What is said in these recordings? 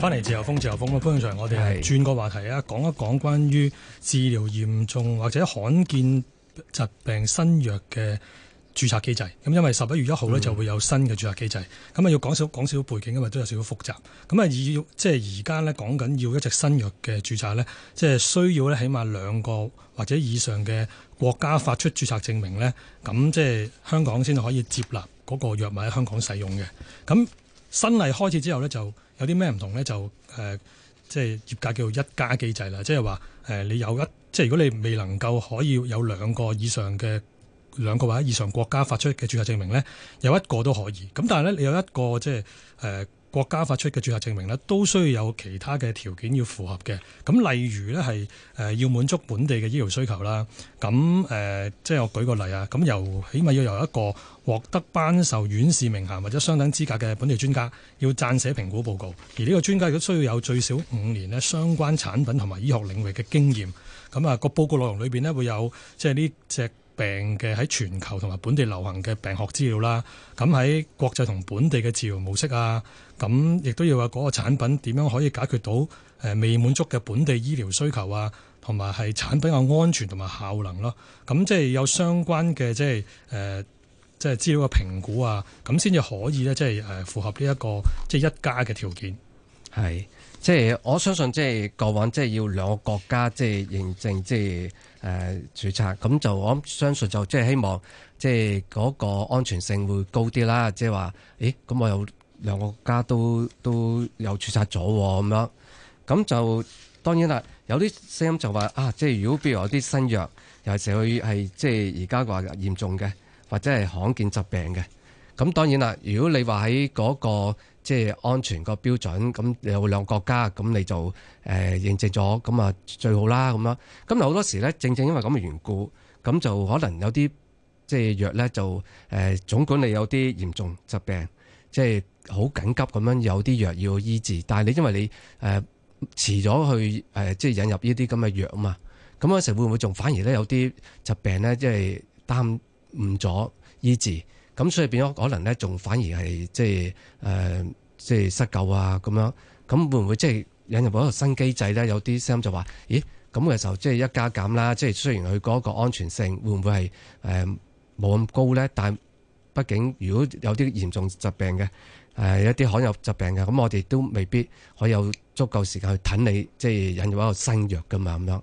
翻嚟自由風，自由風，潘永祥，我哋係轉個話題啊，講一講關於治療嚴重或者罕見疾病新藥嘅註冊機制。咁因為十一月一號呢就會有新嘅註冊機制，咁、嗯、啊要講少講少背景，因為都有少少複雜。咁啊要即係而家呢講緊要一隻新藥嘅註冊呢，即係需要呢起碼兩個或者以上嘅國家發出註冊證明呢，咁即係香港先可以接納嗰個藥物喺香港使用嘅。咁新例開始之後呢，就。有啲咩唔同呢？就誒，即、呃、係、就是、業界叫一加機制啦，即係話你有一即係如果你未能夠可以有兩個以上嘅兩個或者以上國家發出嘅註冊證明呢，有一個都可以。咁但係呢，你有一個即係誒。就是國家發出嘅註冊證明咧，都需要有其他嘅條件要符合嘅。咁例如咧，係誒要滿足本地嘅醫療需求啦。咁誒，即、呃、係、就是、我舉個例啊。咁由起碼要由一個獲得頒授院士名銜或者相等資格嘅本地專家，要撰寫評估報告。而呢個專家亦都需要有最少五年咧相關產品同埋醫學領域嘅經驗。咁啊，個報告內容裏邊呢會有即係呢隻。就是病嘅喺全球同埋本地流行嘅病學資料啦，咁喺國際同本地嘅治療模式啊，咁亦都要話嗰個產品點樣可以解決到誒未滿足嘅本地醫療需求啊，同埋係產品嘅安全同埋效能咯。咁即係有相關嘅即係誒，即係資料嘅評估啊，咁先至可以咧，即係誒符合呢一個即係一加嘅條件。係即係我相信即係過往即係要兩個國家即係認證即係。誒、呃、註冊咁就我諗相信就即係希望即係嗰個安全性會高啲啦，即係話，咦咁我有兩個國家都都有註冊咗喎，咁樣咁就當然啦，有啲聲音就話啊，即係如果譬如有啲新藥又係佢係即係而家話嚴重嘅，或者係罕見疾病嘅，咁當然啦，如果你話喺嗰個，即係安全個標準，咁有兩個國家，咁你就誒、呃、認證咗，咁啊最好啦咁樣。咁好多時咧，正正因為咁嘅緣故，咁就可能有啲即係藥咧，就誒、呃、總管你有啲嚴重疾病，即係好緊急咁樣有啲藥要醫治。但係你因為你誒、呃、遲咗去誒、呃，即係引入呢啲咁嘅藥啊嘛，咁嗰時會唔會仲反而咧有啲疾病咧，即係耽誤咗醫治？咁所以變咗可能咧，仲反而係即係誒，即係失救啊咁樣。咁會唔會即係引入一個新機制咧？有啲聲音就話，咦，咁嘅時候即係一加一減啦。即係雖然佢嗰個安全性會唔會係誒冇咁高咧？但畢竟如果有啲嚴重疾病嘅，誒、呃、一啲罕有疾病嘅，咁我哋都未必可以有足夠時間去等你，即係引入一個新藥噶嘛咁樣。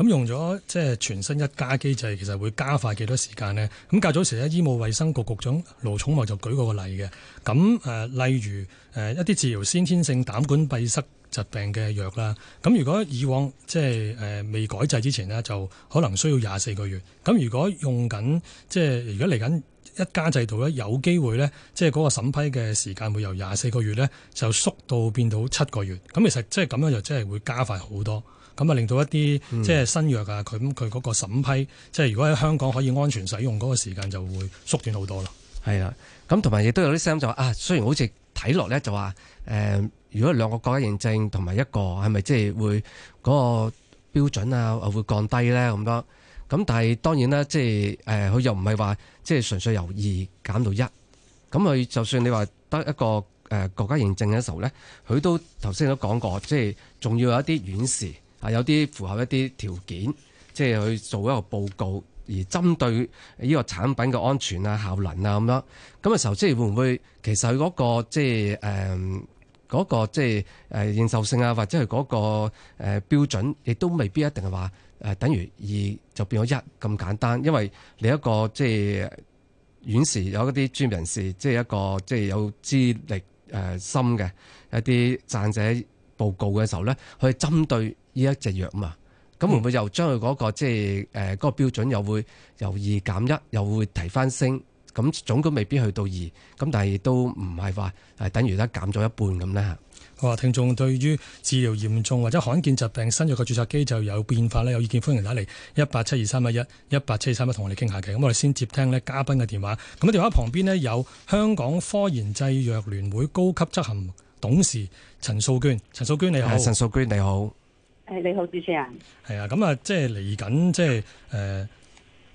咁用咗即係全新一加機制，其實會加快幾多時間咧？咁較早時咧，醫務衛生局局長盧寵茂就舉過個例嘅。咁誒，例如誒一啲治療先天性膽管閉塞疾病嘅藥啦。咁如果以往即係誒未改制之前咧，就可能需要廿四個月。咁如果用緊即係如果嚟緊一加制度咧，有機會咧，即係嗰個審批嘅時間會由廿四個月咧，就縮到變到七個月。咁其實即係咁樣，就真係會加快好多。咁啊，令到一啲即係新藥啊，佢佢嗰個審批，即係如果喺香港可以安全使用嗰個時間就會縮短好多咯。係啊，咁同埋亦都有啲聲音就話啊，雖然好似睇落咧就話誒、呃，如果兩個國家認證同埋一個係咪即係會嗰個標準啊會降低咧咁多？咁但係當然啦，即係誒佢又唔係話即係純粹由二減到一。咁佢就算你話得一個誒、呃、國家認證嘅時候咧，佢都頭先都講過，即係仲要有一啲遠視。啊，有啲符合一啲條件，即係去做一個報告，而針對呢個產品嘅安全啊、效能啊咁樣咁嘅時候，即係會唔會其實佢、那、嗰個即係誒嗰個即係誒、呃、認受性啊，或者係、那、嗰個誒、呃、標準，亦都未必一定係話誒、呃、等於二就變咗一咁簡單，因為你一個即係院士有一啲專業人士，即係一個即係有資歷誒深嘅一啲贊者。報告嘅時候呢，去針對呢一隻藥嘛，咁會唔會又將佢、那、嗰個即係誒嗰個標準又會由二減一，又會提返升，咁總共未必去到二，咁但係都唔係話係等於咧減咗一半咁呢。吓。好啊，聽眾對於治療嚴重或者罕見疾病新藥嘅註冊機制就有變化咧，有意見歡迎打嚟一八七二三一一一八七二三一同我哋傾下偈。咁我哋先接聽呢嘉賓嘅電話。咁一電話旁邊呢，有香港科研製藥聯會高級執行董事陳素娟，陳素娟你好。係陳素娟你好。誒、欸，你好主持人。係啊，咁啊、就是，即係嚟緊，即係誒，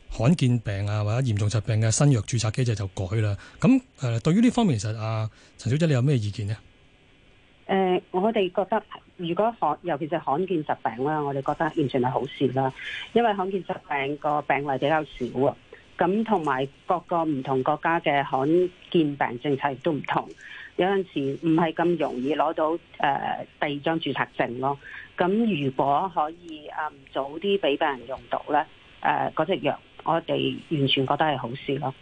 罕見病啊或者嚴重疾病嘅、啊、新藥註冊機制就改啦。咁誒、呃，對於呢方面，其實啊，陳小姐你有咩意見呢？誒、呃，我哋覺得如果罕，尤其是罕見疾病啦、啊，我哋覺得完全係好事啦、啊。因為罕見疾病個病例比較少啊，咁同埋各個唔同國家嘅罕見病政策亦都唔同。有陣時唔係咁容易攞到誒、呃、第二張註冊證咯，咁如果可以啊、嗯，早啲俾病人用到咧，誒嗰隻藥，我哋完全覺得係好事咯。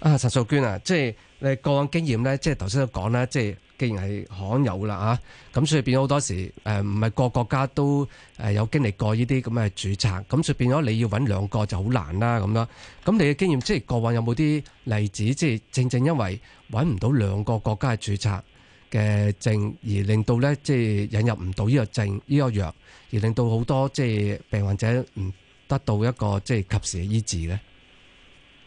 啊，陳素娟啊，即係你個案經驗咧，即係頭先都講啦，即係。既然係罕有啦嚇，咁所以變咗好多時誒，唔係個國家都誒有經歷過呢啲咁嘅註冊，咁所以變咗你要揾兩個就好難啦咁啦。咁你嘅經驗即係過往有冇啲例子，即係正正因為揾唔到兩個國家嘅註冊嘅證，而令到咧即係引入唔到呢個證呢、呢個藥，而令到好多即係病患者唔得到一個即係及時嘅醫治咧？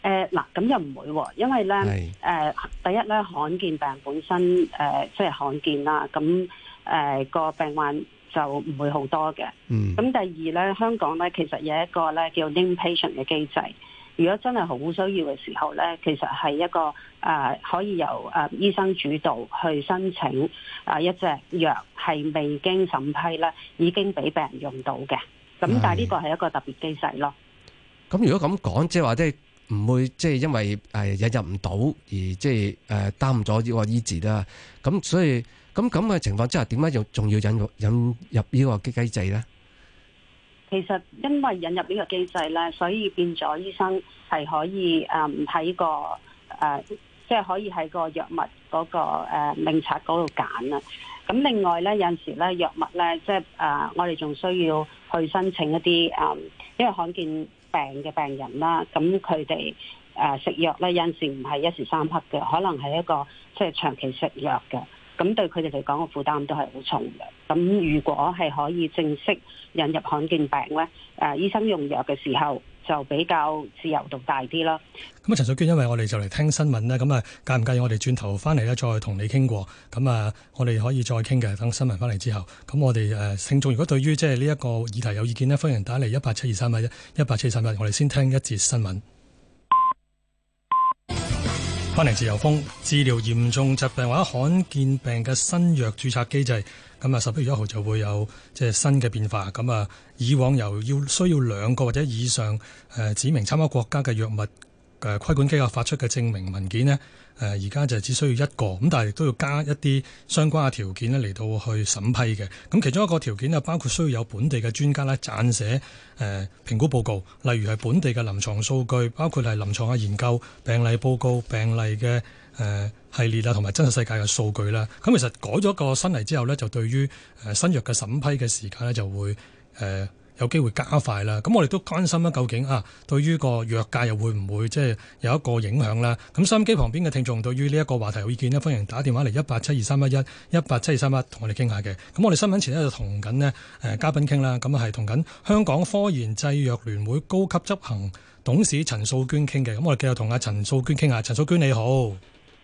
誒、呃，嗱，咁又唔會，因為咧、呃，第一咧，罕見病本身、呃、即係罕見啦，咁誒個病患就唔會好多嘅。嗯。咁第二咧，香港咧其實有一個咧叫 named patient 嘅機制，如果真係好需要嘅時候咧，其實係一個誒、呃、可以由誒、呃、醫生主導去申請啊一隻藥係未經審批咧已經俾病人用到嘅。咁但係呢個係一個特別機制咯。咁如果咁講，即係話即係。唔會，即係因為誒引入唔到而即係誒耽誤咗呢個醫治啦。咁所以咁，咁嘅情況之下，點解又仲要引入引入呢個機制咧？其實因為引入呢個機制咧，所以變咗醫生係可以誒唔喺個誒，即係可以喺個藥物嗰個誒名冊嗰度揀啦。咁另外咧，有時咧藥物咧，即係誒我哋仲需要去申請一啲誒，因為罕見。病嘅病人啦，咁佢哋誒食藥咧，有時唔係一時三刻嘅，可能係一個即係、就是、長期食藥嘅，咁對佢哋嚟講個負擔都係好重嘅。咁如果係可以正式引入罕見病咧，誒醫生用藥嘅時候，就比較自由度大啲啦。咁啊，陳素娟，因為我哋就嚟聽新聞咧，咁啊，介唔介意我哋轉頭翻嚟咧，再同你傾過？咁啊，我哋可以再傾嘅。等新聞翻嚟之後，咁我哋誒聽眾，如果對於即係呢一個議題有意見呢，歡迎打嚟一八七二三一一八七二三一，我哋先聽一節新聞。歡迎自由風，治療嚴重疾病或者罕見病嘅新藥註冊機制，咁啊十一月一號就會有即係新嘅變化。咁啊以往由要需要兩個或者以上誒指明參考國家嘅藥物誒規管機構發出嘅證明文件誒而家就只需要一個，咁但係亦都要加一啲相關嘅條件咧嚟到去審批嘅。咁其中一個條件啊，包括需要有本地嘅專家咧撰寫誒、呃、評估報告，例如係本地嘅臨床數據，包括係臨床嘅研究病例報告、病例嘅誒、呃、系列啊，同埋真實世界嘅數據啦。咁其實改咗個新嚟之後呢，就對於誒新藥嘅審批嘅時間呢，就會誒。呃有機會加快啦，咁我哋都關心啦，究竟啊對於個藥價又會唔會即係、就是、有一個影響啦。咁收音機旁邊嘅聽眾對於呢一個話題有意見咧，歡迎打電話嚟一八七二三一一一八七二三一一同我哋傾下嘅。咁我哋新聞前呢，就同緊呢嘉賓傾啦，咁係同緊香港科研製藥聯會高級執行董事陳素娟傾嘅。咁我哋繼續同阿陳素娟傾下，陳素娟你好。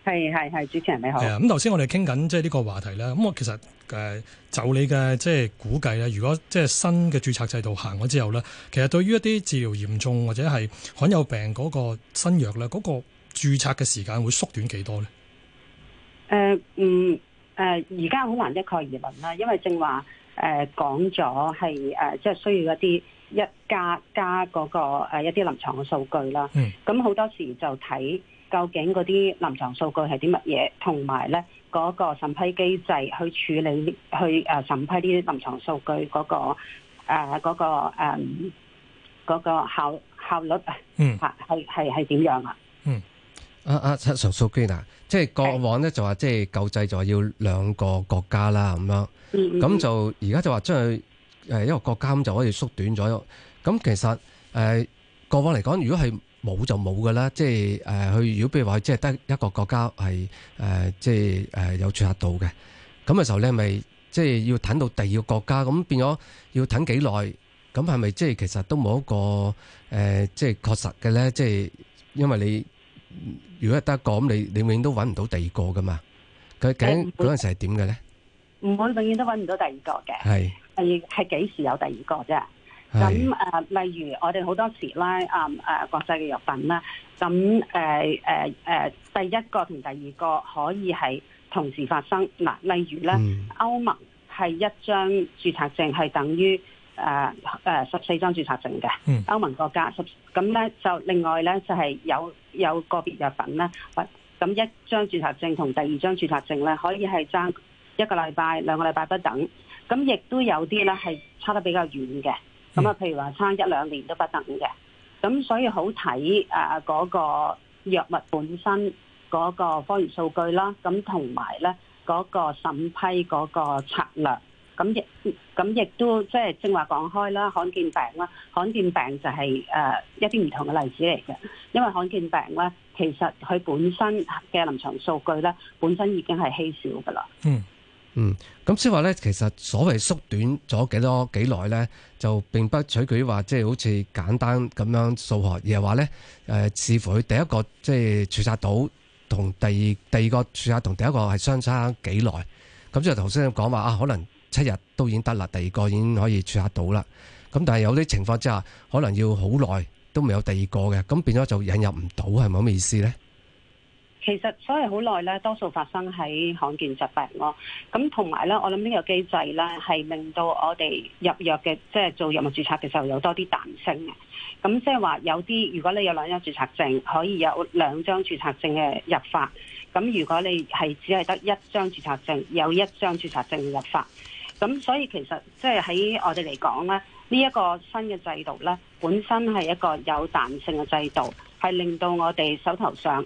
係係係，主持人你好，係啊！咁頭先我哋傾緊即係呢個話題啦。咁我其實誒就你嘅即係估計咧，如果即係新嘅註冊制度行咗之後咧，其實對於一啲治療嚴重或者係罕有病嗰個新藥咧，嗰、那個註冊嘅時間會縮短幾多咧？誒、呃，嗯、呃，誒，而家好難一概而論啦，因為正話誒講咗係誒，即係需要一啲一加加嗰個誒一啲臨床嘅數據啦。咁、嗯、好多時就睇。究竟嗰啲臨床數據係啲乜嘢？同埋咧嗰個審批機制去處理、去誒審批呢啲臨床數據嗰個誒嗰個誒嗰個效效率，嗯，係係係點樣啊？嗯，啊啊！臨床數據嗱，即係過往咧就話即係舊制就話要兩個國家啦咁樣，咁就而家就話將去誒一個國家就可以縮短咗。咁其實誒過往嚟講，如果係冇就冇噶啦，即係誒，佢如果譬如話，即係得一個國家係誒，即係誒有傳染度嘅，咁嘅時候咧，你咪即係要等到第二個國家，咁變咗要等幾耐？咁係咪即係其實都冇一個誒，即係確實嘅咧？即係因為你如果得一個咁，你你永遠都揾唔到第二個噶嘛？佢究竟嗰陣時係點嘅咧？唔會永遠都揾唔到第二個嘅。係係係幾時有第二個啫？咁、呃、例如我哋好多時咧，誒、嗯、誒、呃、國際嘅藥品啦，咁、呃呃、第一個同第二個可以係同時發生。嗱、呃，例如咧、嗯，歐盟係一張註冊證係等於誒誒十四張註冊證嘅、嗯、歐盟國家。咁咧就另外咧就係、是、有有個別藥品啦。咁一張註冊證同第二張註冊證咧可以係爭一個禮拜、兩個禮拜不等。咁亦都有啲咧係差得比較遠嘅。咁、嗯、啊，譬如話差一兩年都不等嘅，咁所以好睇誒嗰個藥物本身嗰個科研數據啦，咁同埋咧嗰個審批嗰個策略，咁亦咁亦都即係正話講開啦，罕見病啦，罕見病就係誒一啲唔同嘅例子嚟嘅，因為罕見病咧其實佢本身嘅臨床數據咧本身已經係稀少㗎喇。嗯嗯，咁即係話咧，其實所謂縮短咗幾多幾耐咧，就並不取決於話即係好似簡單咁樣數學，而係話咧，誒、呃，似乎佢第一個即係註冊到同第二第二個註冊同第一個係相差幾耐。咁即係頭先講話啊，可能七日都已經得啦，第二個已經可以註冊到啦。咁但係有啲情況之下，可能要好耐都未有第二個嘅，咁變咗就引入唔到，係咪咁嘅意思咧？其實所以好耐咧，多數發生喺罕見疾病咯。咁同埋咧，我諗呢個機制咧，係令到我哋入藥嘅，即係做藥物註冊嘅時候有多啲彈性嘅。咁即係話有啲，如果你有兩張註冊證，可以有兩張註冊證嘅入法。咁如果你係只係得一張註冊證，有一張註冊證嘅入法。咁所以其實即係喺我哋嚟講咧，呢一個新嘅制度咧，本身係一個有彈性嘅制度，係令到我哋手頭上。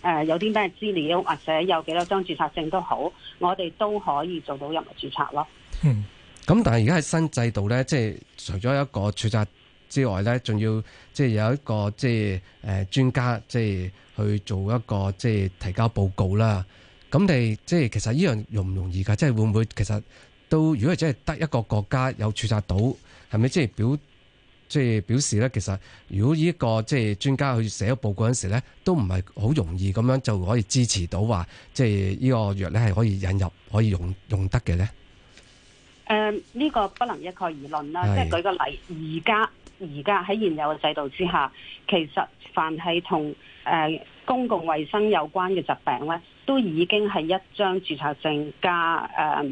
誒、呃，有啲咩資料，或者有幾多張註冊證都好，我哋都可以做到任何註冊咯。嗯，咁但係而家係新制度咧，即係除咗一個註冊之外咧，仲要即係有一個即係誒專家，即係去做一個即係提交報告啦。咁你即係其實呢樣容唔容易噶？即係會唔會其實都如果真係得一個國家有註冊到，係咪即係表？即係表示咧，其實如果呢個即係專家去寫咗報告嗰陣時咧，都唔係好容易咁樣就可以支持到話，即係呢個藥咧係可以引入，可以用用得嘅咧。誒、呃，呢個不能一概而論啦。即係舉個例，而家而家喺現有嘅制度之下，其實凡係同誒公共衞生有關嘅疾病咧，都已經係一張註冊證加誒。呃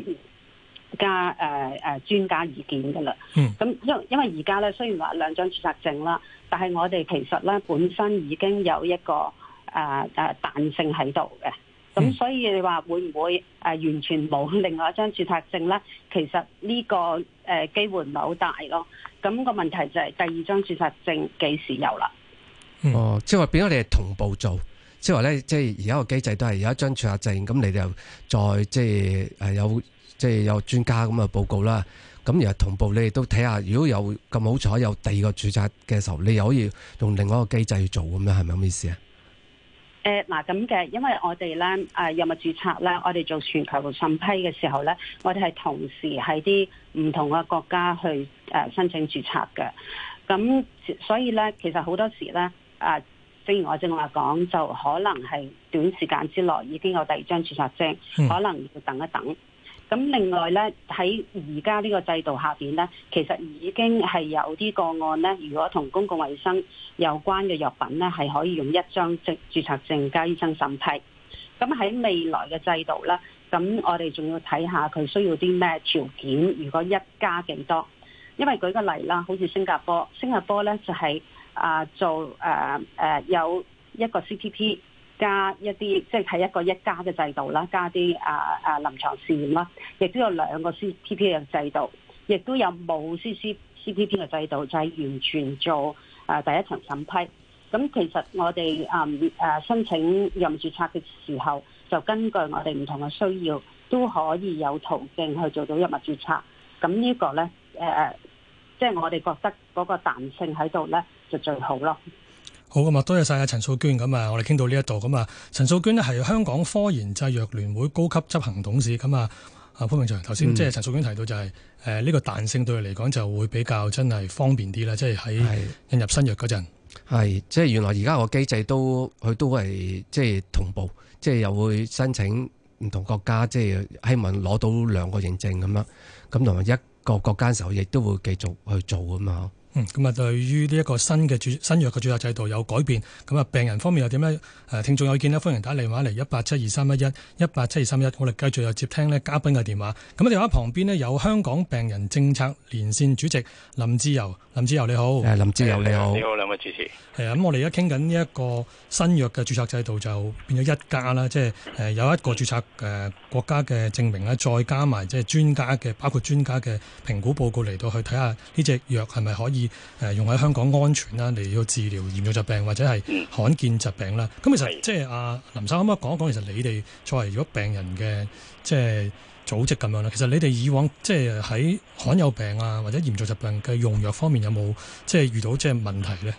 加誒、呃啊、專家意見嘅啦，咁、嗯、因因為而家咧雖然話兩張註冊證啦，但係我哋其實咧本身已經有一個誒、呃呃、彈性喺度嘅，咁所以你話會唔會完全冇另外一張註冊證咧？其實呢、這個誒、呃、機會唔係好大咯。咁、那個問題就係第二張註冊證幾時有啦、嗯？哦，即係話畀我哋同步做，即係話咧，即係而家個機制都係有一張註冊證，咁你又再即係、呃、有。即係有專家咁嘅報告啦，咁然後同步，你哋都睇下，如果有咁好彩有第二個註冊嘅時候，你又可以用另外一個機制去做咁樣，係咪咁意思啊？誒、呃、嗱，咁嘅，因為我哋咧誒有冇註冊咧，我哋做全球審批嘅時候咧，我哋係同時喺啲唔同嘅國家去誒、啊、申請註冊嘅。咁、啊、所以咧，其實好多時咧啊，正如我正話講，就可能係短時間之內已經有第二張註冊證、嗯，可能要等一等。咁另外咧，喺而家呢個制度下面咧，其實已經係有啲個案咧，如果同公共衛生有關嘅藥品咧，係可以用一張證註冊證加醫生審批。咁喺未來嘅制度啦，咁我哋仲要睇下佢需要啲咩條件。如果一加幾多？因為舉個例啦，好似新加坡，新加坡咧就係、是、啊做誒、啊啊、有一個 CPP 加一啲即係睇一個一加嘅制度啦，加啲啊啊臨床試驗啦，亦都有兩個 CPP 嘅制度，亦都有冇 CPP 嘅制度，就係、是、完全做啊第一層審批。咁其實我哋誒誒申請任註冊嘅時候，就根據我哋唔同嘅需要，都可以有途徑去做到任物註冊。咁呢個咧誒，即、啊、係、就是、我哋覺得嗰個彈性喺度咧，就最好咯。好咁啊，多謝晒啊陳素娟咁啊，我哋傾到呢一度咁啊。陳素娟咧係香港科研製藥聯會高級執行董事咁啊。阿潘明祥頭先即係陳素娟提到就係誒呢個彈性對佢嚟講就會比較真係方便啲啦，即係喺引入新藥嗰陣係即係原來而家個機制都佢都係即係同步，即係又會申請唔同國家，即係希望攞到兩個認證咁樣，咁同埋一個國家時候亦都會繼續去做噶嘛。咁、嗯、啊，對於呢一個新嘅注新藥嘅註冊制度有改變，咁啊，病人方面又點呢？誒，聽眾有見呢歡迎打電話嚟一八七二三一一，一八七二三一，我哋繼續又接聽呢嘉賓嘅電話。咁啊，電話旁邊呢，有香港病人政策連線主席林志釉，林志釉，林釉你好，林志釉你好，嗯、你好兩位主持，啊、嗯，咁我哋而家傾緊呢一個新藥嘅註冊制度就變咗一加啦，即係有一個註冊誒國家嘅證明呢，再加埋即係專家嘅，包括專家嘅評估報告嚟到去睇下呢隻藥係咪可以。誒，用喺香港安全啦，嚟到治療嚴重疾病或者係罕見疾病啦。咁、嗯、其實即係阿林生，可唔可以講一講？其實你哋作為如果病人嘅，即係組織咁樣咧，其實你哋以往即係喺罕有病啊，或者嚴重疾病嘅用藥方面，有冇即係遇到即係問題咧？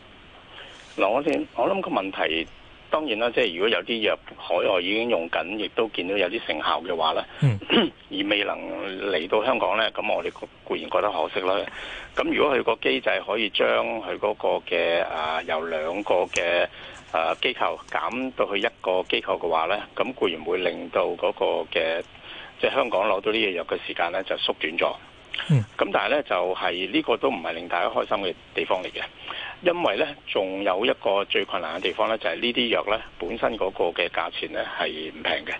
嗱，我先，我諗個問題。當然啦，即係如果有啲藥海外已經用緊，亦都見到有啲成效嘅話咧、嗯，而未能嚟到香港咧，咁我哋固然覺得可惜啦。咁如果佢個機制可以將佢嗰個嘅啊、呃、由兩個嘅啊、呃、機構減到去一個機構嘅話咧，咁固然會令到嗰個嘅即係香港攞到呢啲藥嘅時間咧就縮短咗。咁、嗯、但係咧就係、是、呢個都唔係令大家開心嘅地方嚟嘅，因為咧仲有一個最困難嘅地方咧就係、是、呢啲藥咧本身嗰個嘅價錢咧係唔平嘅。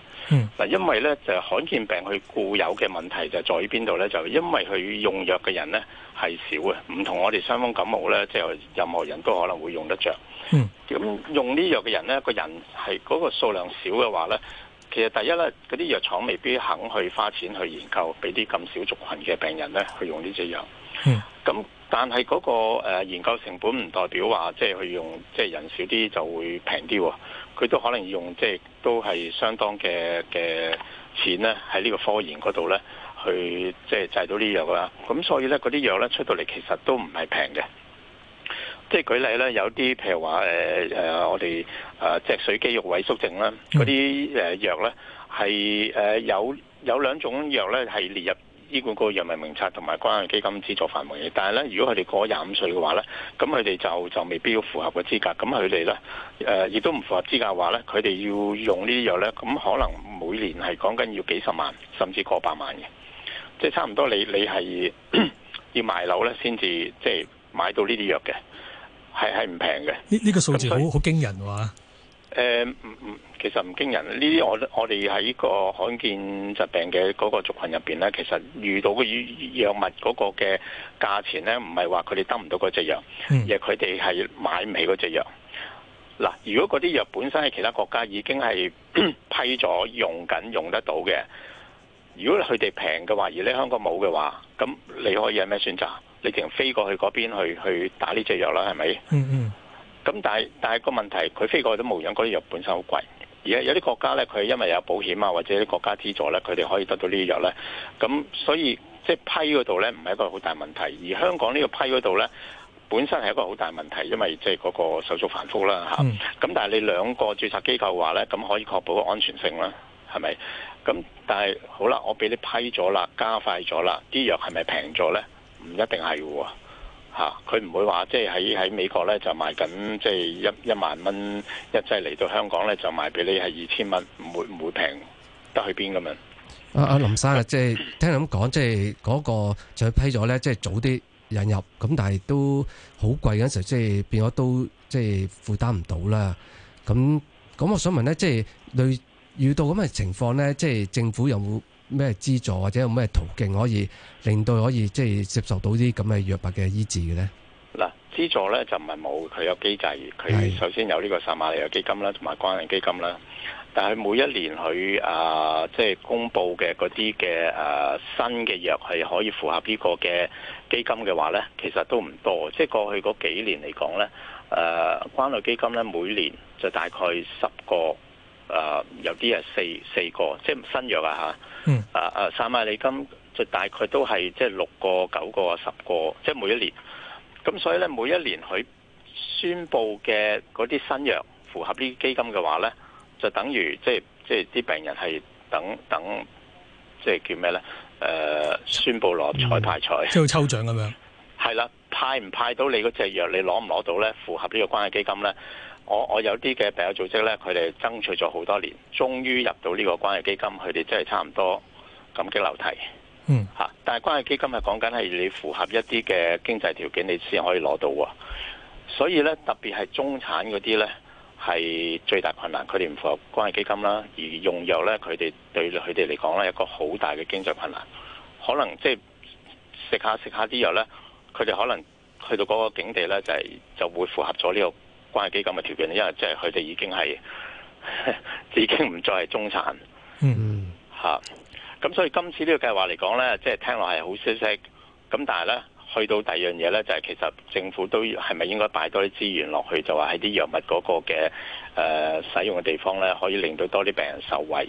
嗱、嗯，因為咧就罕見病佢固有嘅問題就在於邊度咧？就是、因為佢用藥嘅人咧係少嘅，唔同我哋傷風感冒咧即係任何人都可能會用得着。咁、嗯、用藥呢藥嘅人咧個人係嗰個數量少嘅話咧。其實第一咧，嗰啲藥廠未必肯去花錢去研究，俾啲咁少族群嘅病人咧去用呢隻藥。咁、嗯、但係嗰、嗰個、呃、研究成本唔代表話，即係去用即係人少啲就會平啲喎。佢都可能用即係都係相當嘅嘅錢咧，喺呢個科研嗰度咧，去即係製到呢隻藥啦。咁所以咧，嗰啲藥咧出到嚟其實都唔係平嘅。即係舉例咧，有啲譬如話誒、呃、我哋誒、呃、脊髓肌肉萎縮症啦，嗰啲誒藥咧係誒有有兩種藥咧係列入醫管局藥物名冊同埋關愛基金資助範圍嘅。但係咧，如果佢哋過廿五歲嘅話咧，咁佢哋就就未必要符合個資格。咁佢哋咧誒亦都唔符合資格嘅話咧，佢哋要用呢啲藥咧，咁可能每年係講緊要幾十萬，甚至過百萬嘅。即係差唔多你，你你係要買樓咧先至即係買到呢啲藥嘅。係係唔平嘅，呢呢、這個數字好好驚人哇！誒，唔、呃、唔，其實唔驚人。呢、嗯、啲我我哋喺個罕見疾病嘅嗰個族群入邊咧，其實遇到嘅藥物嗰個嘅價錢咧，唔係話佢哋得唔到嗰隻藥，嗯、而係佢哋係買唔起嗰隻藥。嗱，如果嗰啲藥本身係其他國家已經係 批咗用緊、用得到嘅，如果佢哋平嘅話，而你香港冇嘅話，咁你可以有咩選擇？一定飛過去嗰邊去去打呢隻藥啦，係咪？嗯嗯。咁但係但係個問題，佢飛過去都無用，嗰啲藥本身好貴。而家有啲國家咧，佢因為有保險啊，或者啲國家資助咧，佢哋可以得到呢啲藥咧。咁所以即係、就是、批嗰度咧，唔係一個好大問題。而香港呢個批嗰度咧，本身係一個好大問題，因為即係嗰個手續繁複啦嚇。咁、嗯、但係你兩個註冊機構話咧，咁可以確保安全性啦，係咪？咁但係好啦，我俾你批咗啦，加快咗啦，啲藥係咪平咗咧？唔一定係嘅喎，嚇佢唔會話即係喺喺美國咧就賣緊即係一一萬蚊一劑嚟到香港咧就賣俾你係二千蚊，唔會唔會平得去邊咁樣？阿阿林生啊，即係聽你咁講，即係嗰個就批咗咧，即係早啲引入，咁但係都好貴嗰陣時，即係變咗都即係負擔唔到啦。咁咁，我想問咧，即係例如遇到咁嘅情況咧，即係政府有冇？咩資助或者有咩途徑可以令到可以即係、就是、接受到啲咁嘅藥物嘅醫治嘅咧？嗱，資助咧就唔係冇，佢有機制，佢係首先有呢個撒馬利亞基金啦，同埋關愛基金啦。但係每一年佢啊、呃，即係公布嘅嗰啲嘅誒新嘅藥係可以符合呢個嘅基金嘅話咧，其實都唔多。即係過去嗰幾年嚟講咧，誒、呃、關愛基金咧每年就大概十個。啊、呃，有啲係四四個，即係新藥啊嚇。嗯。啊啊，撒瑪利亞基金就大概都係即係六個、九個、十個，即係每一年。咁所以咧，每一年佢宣布嘅嗰啲新藥符合呢啲基金嘅話咧，就等於即係即係啲病人係等等，即係叫咩咧？誒、呃，宣布攞彩派彩、嗯，即 係抽獎咁樣。係啦，派唔派到你嗰隻藥，你攞唔攞到咧？符合呢個關係基金咧？我我有啲嘅病友組織呢，佢哋爭取咗好多年，終於入到呢個關愛基金，佢哋真係差唔多感激流涕。嗯，嚇！但係關愛基金係講緊係你符合一啲嘅經濟條件，你先可以攞到喎。所以呢，特別係中產嗰啲呢，係最大困難，佢哋唔符合關愛基金啦。而用藥呢，佢哋對佢哋嚟講呢，一個好大嘅經濟困難，可能即係食下食下啲藥呢，佢哋可能去到嗰個境地呢，就係就會符合咗呢個。關係基金嘅條件，因為即係佢哋已經係已經唔再係中產，嗯嗯，咁、啊、所以今次呢個計劃嚟講咧，即、就、係、是、聽落係好消息。咁但係咧，去到第二樣嘢咧，就係、是、其實政府都係咪應該擺多啲資源落去，就話喺啲藥物嗰個嘅、呃、使用嘅地方咧，可以令到多啲病人受惠。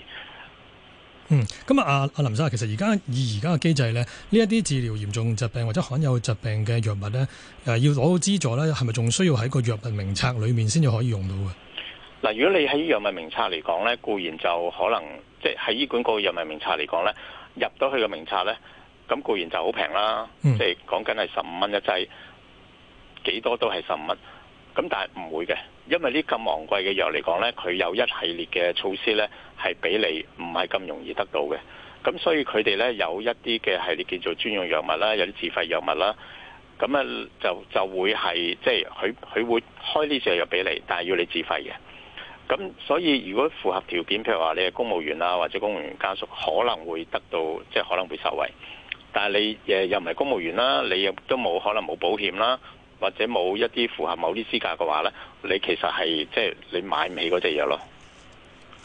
嗯，咁啊，阿阿林生啊，其實而家以而家嘅機制咧，呢一啲治療嚴重疾病或者罕有疾病嘅藥物咧，誒要攞到資助咧，係咪仲需要喺個藥物名冊裏面先至可以用到啊？嗱，如果你喺藥物名冊嚟講咧，固然就可能即係喺醫管局藥物名冊嚟講咧，入到去個名冊咧，咁固然就好平啦，嗯、即係講緊係十五蚊一劑，幾多都係十五蚊，咁但係唔會嘅。因為呢咁昂貴嘅藥嚟講呢，佢有一系列嘅措施呢，係俾你唔係咁容易得到嘅。咁所以佢哋呢有一啲嘅系列叫做專用藥物啦，有啲自費藥物啦。咁啊就就會係即係佢佢會開呢隻藥藥俾你，但係要你自費嘅。咁所以如果符合條件，譬如話你係公務員啦，或者公務員家屬，可能會得到即係、就是、可能會受惠。但係你又唔係公務員啦，你又都冇可能冇保險啦。或者冇一啲符合某啲資格嘅話咧，你其實係即係你買唔起嗰隻藥咯。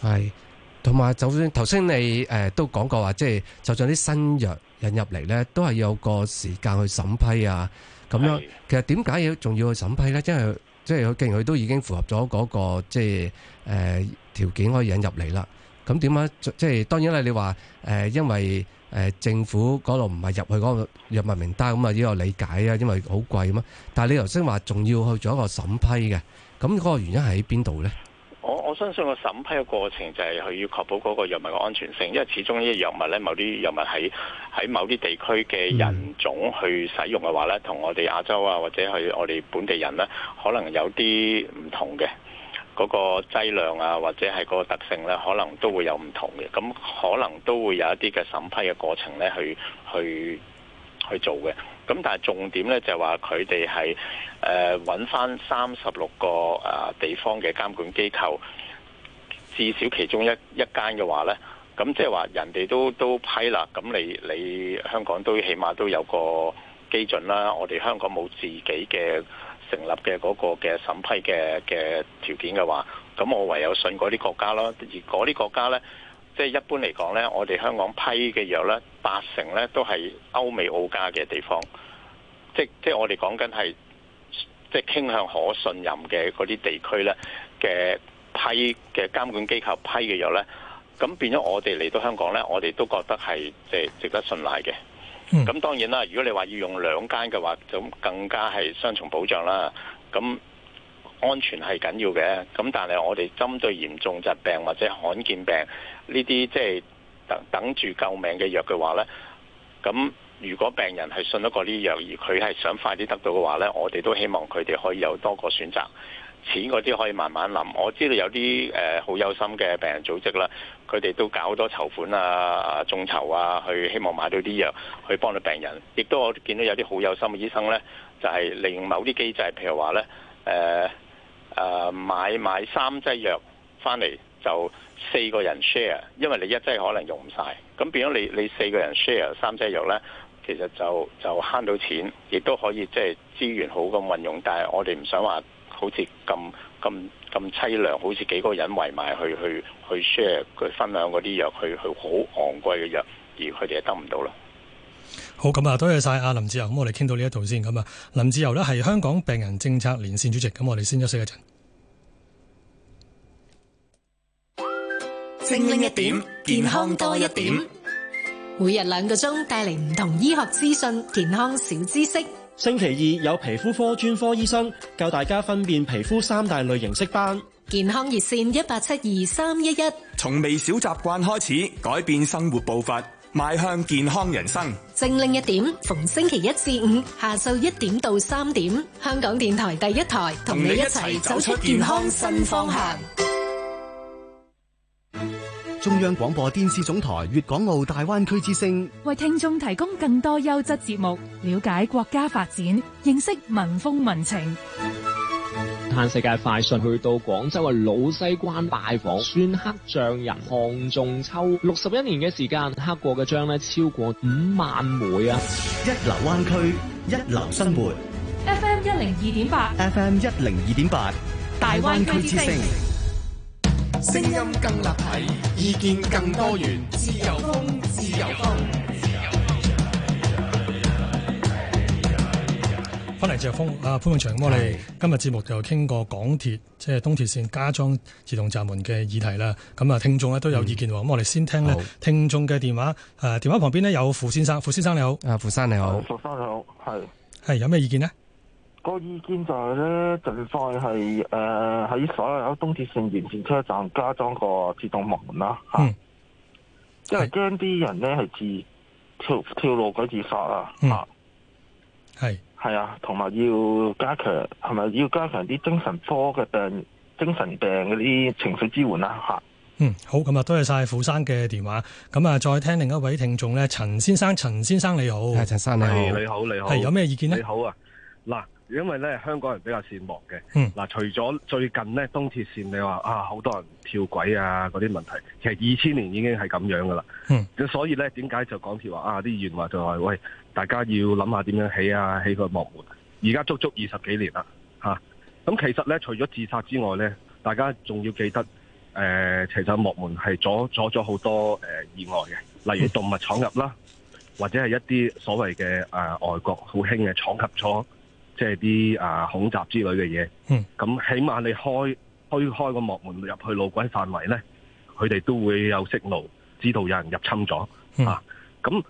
係，同埋就算頭先你誒都講過話，即係就算啲新藥引入嚟咧，都係要有個時間去審批啊。咁樣其實點解要仲要去審批咧？即係即係既然佢都已經符合咗嗰個即係誒條件可以引入嚟啦。咁點解即係當然啦？你話誒，因為。政府嗰度唔係入去嗰個藥物名單，咁啊呢個理解啊，因為好貴咁嘛。但係你頭先話仲要去做一個審批嘅，咁嗰個原因喺邊度呢？我我相信個審批嘅過程就係佢要確保嗰個藥物嘅安全性，因為始終呢啲藥物呢，某啲藥物喺喺某啲地區嘅人種去使用嘅話呢，同我哋亞洲啊或者係我哋本地人呢，可能有啲唔同嘅。嗰個劑量啊，或者係嗰個特性呢，可能都會有唔同嘅，咁可能都會有一啲嘅審批嘅過程呢，去去去做嘅。咁但係重點呢，就係話佢哋係誒揾翻三十六個地方嘅監管機構，至少其中一一間嘅話呢，咁即係話人哋都都批啦，咁你你香港都起碼都有個基準啦。我哋香港冇自己嘅。成立嘅嗰個嘅審批嘅嘅條件嘅話，咁我唯有信嗰啲國家咯。而嗰啲國家咧，即係一般嚟講咧，我哋香港批嘅藥咧，八成咧都係歐美澳加嘅地方。即即係我哋講緊，係即係傾向可信任嘅嗰啲地區咧嘅批嘅監管機構批嘅藥咧，咁變咗我哋嚟到香港咧，我哋都覺得係即係值得信賴嘅。咁當然啦，如果你話要用兩間嘅話，就更加係雙重保障啦。咁安全係緊要嘅，咁但係我哋針對嚴重疾病或者罕見病呢啲，即係等等住救命嘅藥嘅話呢，咁如果病人係信得過呢啲藥，而佢係想快啲得到嘅話呢，我哋都希望佢哋可以有多個選擇。錢嗰啲可以慢慢諗。我知道有啲呃好有心嘅病人組織啦，佢哋都搞好多籌款啊、眾籌啊，去希望買到啲藥去幫到病人。亦都我見到有啲好有心嘅醫生呢，就係利用某啲機制，譬如話呢、呃呃，買買三劑藥翻嚟就四個人 share，因為你一劑可能用唔晒。咁變咗你你四個人 share 三劑藥呢，其實就就慳到錢，亦都可以即係、就是、資源好咁運用。但係我哋唔想話。好似咁咁咁淒涼，好似幾個人圍埋去去去 share 佢，分享嗰啲藥，去去好昂貴嘅藥，而佢哋得唔到咯。好，咁啊，多謝晒阿林志釉，咁我哋傾到呢一度先，咁啊，林志釉呢係香港病人政策連線主席，咁我哋先休息一陣。清拎一點，健康多一點，每日兩個鐘帶嚟唔同醫學資訊，健康小知識。星期二有皮膚科專科醫生，教大家分辨皮膚三大類型色斑。健康熱線。中央廣播電視總台粵港澳大灣區之聲，為聽眾提供更多優質節目，了解國家發展，認識民風民情。嘆世界快訊，去到廣州嘅老西關拜訪，篆刻匠人項仲秋，六十一年嘅時間，刻過嘅章咧超過五萬枚啊！一流灣區，一流生活。一流生活 FM 一零二點八，FM 一零二點八，大灣區之聲。聲音更立體，意見更多元，自由風，自由風，自由風。翻嚟自由風，啊潘永祥，我哋今日節目就傾過港鐵即係東鐵綫加裝自動閘門嘅議題啦。咁啊聽眾啊都有意見咁、嗯、我哋先聽咧聽眾嘅電話。誒、啊，電話旁邊咧有傅先生，傅先生你好。啊傅生你好。傅生你好，係係有咩意見呢？那個意見就係咧，盡快係誒喺所有喺東鐵線沿線車站加裝個自動門啦，吓、嗯，因為驚啲人咧係自跳跳路或者自殺、嗯、啊，吓，係係啊，同埋要加強，係咪要加強啲精神科嘅病、精神病嗰啲情緒支援啦？吓，嗯，好，咁、嗯、啊，多謝晒富生嘅電話，咁、嗯、啊，再聽另一位聽眾咧，陳先生，陳先生你好，係陳生你好，你好，你好你好，係有咩意見咧？你好啊，嗱。因為咧，香港人比較善忘嘅。嗱、嗯，除咗最近咧，東鐵線你話啊，好多人跳軌啊，嗰啲問題，其實二千年已經係咁樣噶啦。咁、嗯、所以咧，點解就港鐵話啊，啲議員話就話，喂，大家要諗下點樣起啊，起個幕門。而家足足二十幾年啦，咁、啊啊、其實咧，除咗自殺之外咧，大家仲要記得，誒、呃，其實幕門係阻阻咗好多、呃、意外嘅，例如動物闖入啦，或者係一啲所謂嘅、呃、外國好興嘅闖及錯。即係啲啊恐襲之類嘅嘢，咁、嗯、起碼你開開開個幕門入去路軌範圍呢，佢哋都會有識路，知道有人入侵咗、嗯、啊！咁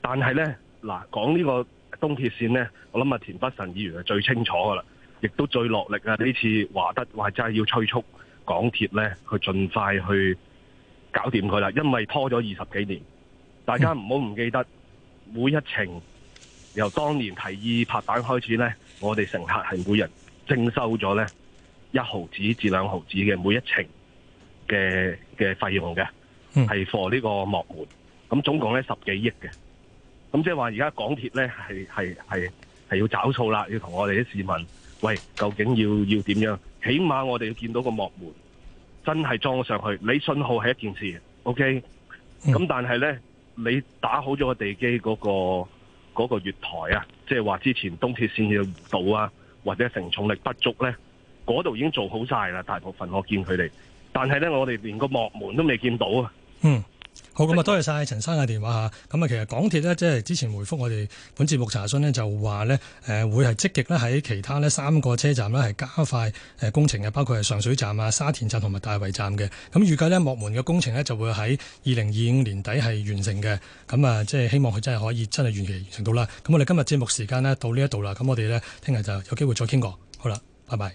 但係呢嗱，講呢個東鐵線呢，我諗啊田北辰議員係最清楚噶啦，亦都最落力啊！呢、嗯、次華德話真係要催促港鐵呢去盡快去搞掂佢啦，因為拖咗二十幾年，大家唔好唔記得每一程由當年提議拍板開始呢。我哋乘客係每人徵收咗咧一毫子至兩毫子嘅每一程嘅嘅費用嘅，係貨呢個幕門。咁總共咧十幾億嘅。咁即係話而家港鐵咧係係係係要找數啦，要同我哋啲市民，喂，究竟要要點樣？起碼我哋要見到個幕門真係裝上去。你信號係一件事，OK？咁但係咧，你打好咗個地基嗰個。嗰、那個月台啊，即係話之前東鐵線嘅弧度啊，或者承重力不足呢，嗰度已經做好晒啦。大部分我見佢哋，但係呢，我哋連個幕門都未見到啊。嗯。好，咁啊，多謝晒陳生嘅電話吓。咁啊，其實港鐵呢，即係之前回覆我哋本節目查詢呢就話呢誒，會係積極呢喺其他呢三個車站呢係加快誒工程嘅，包括係上水站啊、沙田站同埋大圍站嘅。咁預計呢幕門嘅工程呢就會喺二零二五年底係完成嘅。咁啊，即係希望佢真係可以真係如期完成到啦。咁我哋今日節目時間呢到呢一度啦，咁我哋呢聽日就有機會再傾過。好啦，拜拜。